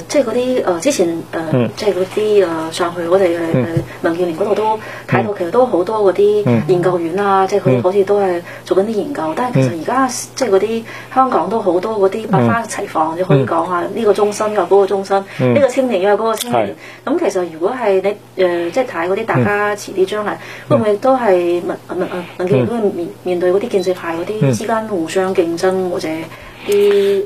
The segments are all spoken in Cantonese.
即係嗰啲誒，之前誒，即係嗰啲誒上去，我哋誒誒民建聯嗰度都睇到，其實都好多嗰啲研究院啊，即係佢好似都係做緊啲研究。但係其實而家即係嗰啲香港都好多嗰啲百花齊放，你可以講下呢、嗯、個中心又嗰個中心，呢、嗯、個青年又嗰個青年。咁、嗯、其實如果係你誒、呃，即係睇嗰啲大家遲啲將嚟會唔會都係民民啊民，民，民，民建聯嗰面面對嗰啲建制派嗰啲之間互相爭競爭或者啲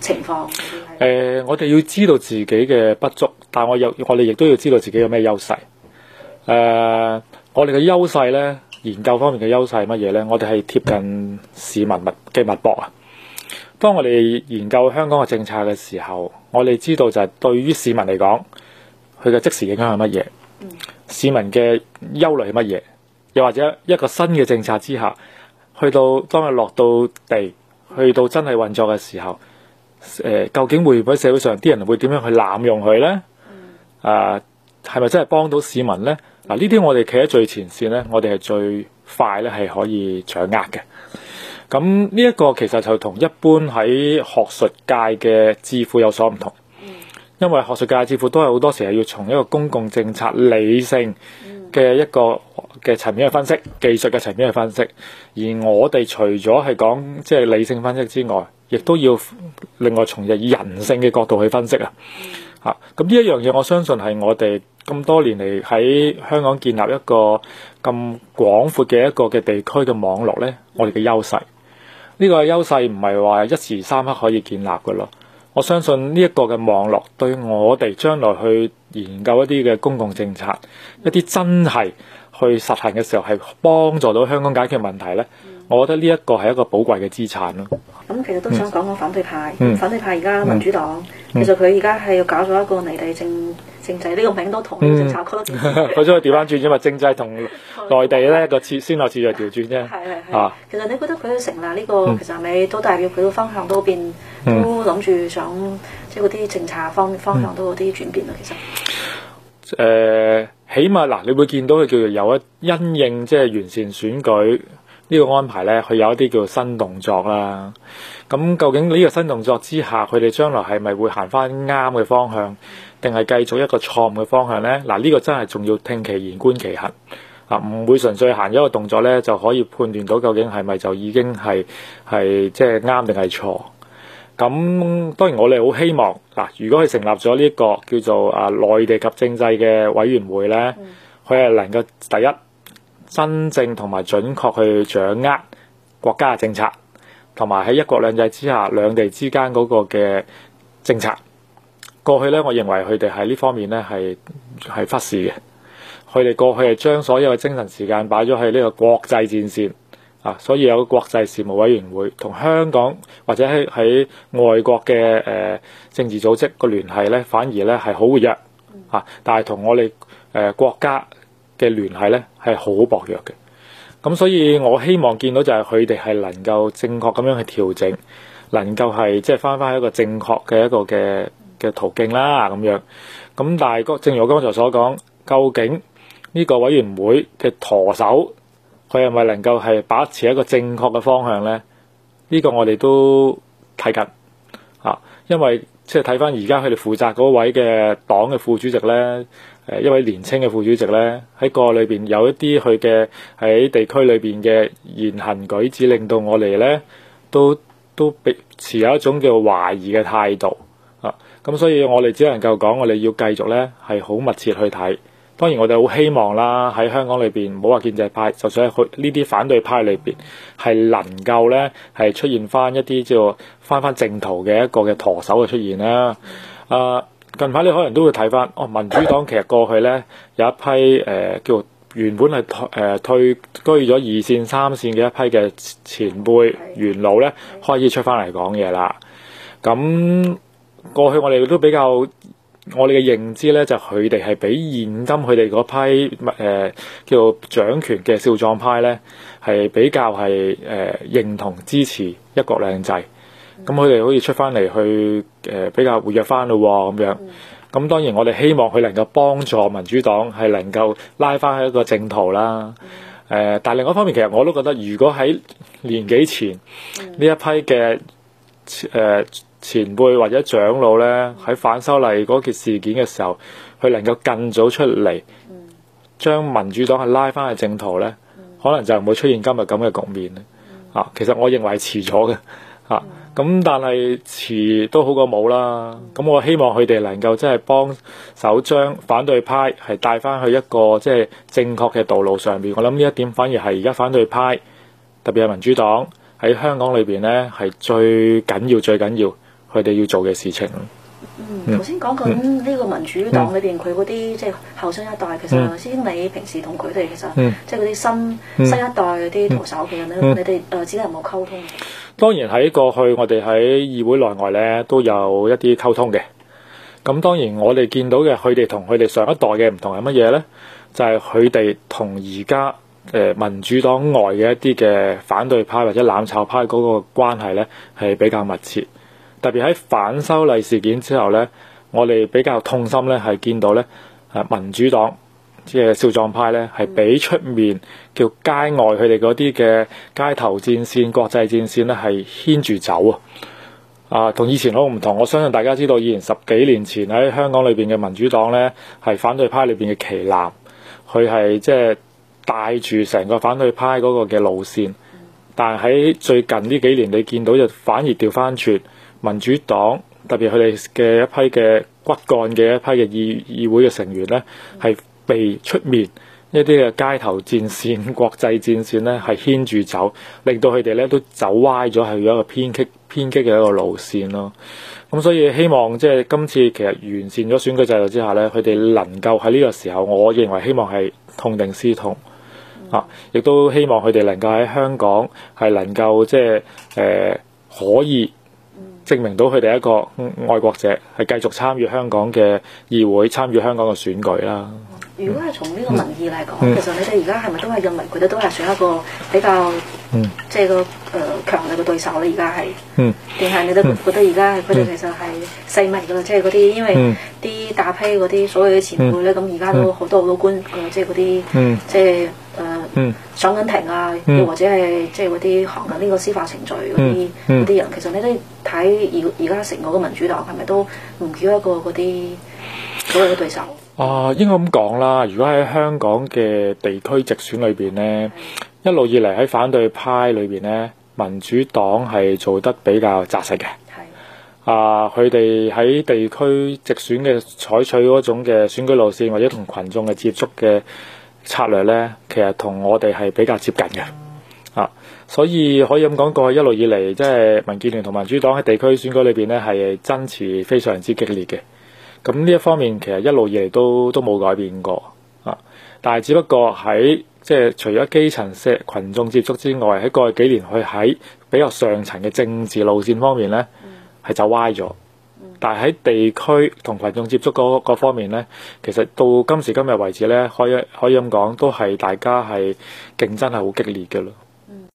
情況。誒、呃，我哋要知道自己嘅不足，但係我又我哋亦都要知道自己有咩優勢。誒、呃，我哋嘅優勢呢，研究方面嘅優勢係乜嘢呢？我哋係貼近市民嘅脈搏啊！當我哋研究香港嘅政策嘅時候，我哋知道就係對於市民嚟講，佢嘅即時影響係乜嘢？市民嘅憂慮係乜嘢？又或者一個新嘅政策之下，去到當佢落到地，去到真係運作嘅時候。誒，究竟會唔會喺社會上啲人會點樣去濫用佢呢？啊，係咪真係幫到市民呢？嗱，呢啲我哋企喺最前線呢，我哋係最快咧係可以掌握嘅。咁呢一個其實就同一般喺學術界嘅智庫有所唔同，因為學術界嘅智庫都係好多時係要從一個公共政策理性嘅一個嘅層面去分析，技術嘅層面去分析。而我哋除咗係講即係理性分析之外，亦都要另外從入以人性嘅角度去分析啊！嚇，咁呢一樣嘢，我相信係我哋咁多年嚟喺香港建立一個咁廣闊嘅一個嘅地區嘅網絡呢，我哋嘅優勢。呢個優勢唔係話一時三刻可以建立嘅咯。我相信呢一個嘅網絡對我哋將來去研究一啲嘅公共政策、一啲真係去實行嘅時候，係幫助到香港解決問題呢。我覺得呢一個係一個寶貴嘅資產咯。咁其實都想講講反對派，反對派而家民主黨，其實佢而家係搞咗一個內地政政制呢個名都同政策，佢都佢將佢調翻轉，因為政制同內地咧個設先後次序調轉啫。係係係。其實你覺得佢成立呢個其實係咪都代表佢個方向都變，都諗住想即係嗰啲政策方方向都有啲轉變啦？其實誒，起碼嗱，你會見到佢叫做有一因應，即係完善選舉。呢個安排呢，佢有一啲叫做新動作啦。咁、嗯、究竟呢個新動作之下，佢哋將來係咪會行翻啱嘅方向，定係繼續一個錯誤嘅方向呢？嗱、啊，呢、呢個真係仲要聽其言觀其行啊！唔會純粹行一個動作呢，就可以判斷到究竟係咪就已經係係即係啱定係錯。咁、就是啊、當然我哋好希望嗱、啊，如果佢成立咗呢一個叫做啊內地及政制嘅委員會呢，佢係能夠第一。真正同埋準確去掌握國家嘅政策，同埋喺一國兩制之下兩地之間嗰個嘅政策。過去咧，我認為佢哋喺呢方面咧係係忽視嘅。佢哋過去係將所有嘅精神時間擺咗去呢個國際戰線啊，所以有個國際事務委員會同香港或者喺喺外國嘅誒、呃、政治組織個聯繫咧，反而咧係好活躍啊。但係同我哋誒、呃、國家。嘅聯繫咧係好薄弱嘅，咁所以我希望見到就係佢哋係能夠正確咁樣去調整，能夠係即係翻翻一個正確嘅一個嘅嘅途徑啦咁樣。咁但係正如我剛才所講，究竟呢個委員會嘅舵手佢係咪能夠係把持一個正確嘅方向呢？呢個我哋都睇緊啊，因為即係睇翻而家佢哋負責嗰位嘅黨嘅副主席咧。誒一位年青嘅副主席咧，喺個裏邊有一啲佢嘅喺地區裏邊嘅言行舉止，令到我哋咧都都被持有一種叫懷疑嘅態度啊！咁所以我哋只能夠講，我哋要繼續咧係好密切去睇。當然我哋好希望啦，喺香港裏邊唔好話建制派，就算喺佢呢啲反對派裏邊，係能夠咧係出現翻一啲叫做翻翻正途嘅一個嘅舵手嘅出現啦啊！近排你可能都會睇翻，哦，民主黨其實過去呢有一批誒、呃、叫做原本係誒退居咗、呃、二線三線嘅一批嘅前輩元老呢，開始出翻嚟講嘢啦。咁、嗯、過去我哋都比較我哋嘅認知呢，就佢哋係比現今佢哋嗰批物誒、呃、叫做掌權嘅少壯派呢，係比較係誒、呃、認同支持一國兩制。咁佢哋可以出翻嚟去、呃、比較活躍翻咯、哦，咁樣咁、嗯、當然我哋希望佢能夠幫助民主黨係能夠拉翻去一個正途啦。誒、嗯呃，但另一方面其實我都覺得，如果喺年幾前呢、嗯、一批嘅誒前、呃、前輩或者長老呢，喺反修例嗰件事件嘅時候，佢能夠更早出嚟將民主黨係拉翻去正途呢，可能就唔會出現今日咁嘅局面、嗯、啊。其實我認為遲咗嘅啊。咁但係遲都好過冇啦，咁我希望佢哋能夠即係幫手將反對派係帶翻去一個即係正確嘅道路上邊。我諗呢一點反而係而家反對派，特別係民主黨喺香港裏邊呢係最緊要、最緊要佢哋要做嘅事情。嗯，頭先講緊呢個民主黨裏邊佢嗰啲即係後生一代，嗯、其實師兄你平時同佢哋其實即係嗰啲新、嗯、新一代啲徒手嘅人咧，嗯、你哋誒、呃、自己有冇溝通？當然喺過去我哋喺議會內外咧都有一啲溝通嘅。咁當然我哋見到嘅佢哋同佢哋上一代嘅唔同係乜嘢咧？就係佢哋同而家誒民主黨外嘅一啲嘅反對派或者攬炒派嗰個關係咧係比較密切。特別喺反修例事件之後呢，我哋比較痛心呢，係見到呢，民主黨即係少壯派呢，係俾出面叫街外佢哋嗰啲嘅街頭戰線、國際戰線呢，係牽住走啊。啊，同以前好唔同。我相信大家知道，以前十幾年前喺香港裏邊嘅民主黨呢，係反對派裏邊嘅旗艦，佢係即係帶住成個反對派嗰個嘅路線。但喺最近呢幾年，你見到就反而掉翻轉。民主黨特別佢哋嘅一批嘅骨幹嘅一批嘅議議會嘅成員呢，係被出面一啲嘅街頭戰線、國際戰線呢，係牽住走，令到佢哋呢都走歪咗，係一個偏激偏激嘅一個路線咯。咁所以希望即係今次其實完善咗選舉制度之下呢，佢哋能夠喺呢個時候，我認為希望係痛定思痛、嗯、啊，亦都希望佢哋能夠喺香港係能夠即係誒、呃、可以。證明到佢哋一個愛國者係繼續參與香港嘅議會，參與香港嘅選舉啦。嗯、如果係從呢個民意嚟講，嗯、其實你哋而家係咪都係認為佢哋都係屬於一個比較，嗯、即係個誒強力嘅對手咧？而家係，定係、嗯、你哋覺得而家佢哋其實係細微噶啦？即係嗰啲因為啲大批嗰啲所謂嘅前輩咧，咁而家都好多好多官，即係嗰啲，即係是。嗯、上緊庭啊，又、嗯、或者係即係嗰啲行緊呢個司法程序嗰啲啲人，其實你都睇而而家成個嘅民主黨係咪都唔叫一個嗰啲所謂嘅對手啊？應該咁講啦。如果喺香港嘅地區直選裏邊呢，的一路以嚟喺反對派裏邊呢，民主黨係做得比較紮實嘅。係的啊，佢哋喺地區直選嘅採取嗰種嘅選舉路線，或者同群眾嘅接觸嘅。策略呢，其實同我哋係比較接近嘅、嗯、啊，所以可以咁講，過去一路以嚟即係民建聯同民主黨喺地區選舉裏邊呢，係爭持非常之激烈嘅。咁呢一方面其實一路以嚟都都冇改變過啊，但係只不過喺即係除咗基層社羣眾接觸之外，喺過去幾年佢喺比較上層嘅政治路線方面呢係走歪咗。但係喺地區同羣眾接觸嗰嗰方面咧，其實到今時今日為止咧，可以可以咁講都係大家係競爭係好激烈嘅咯。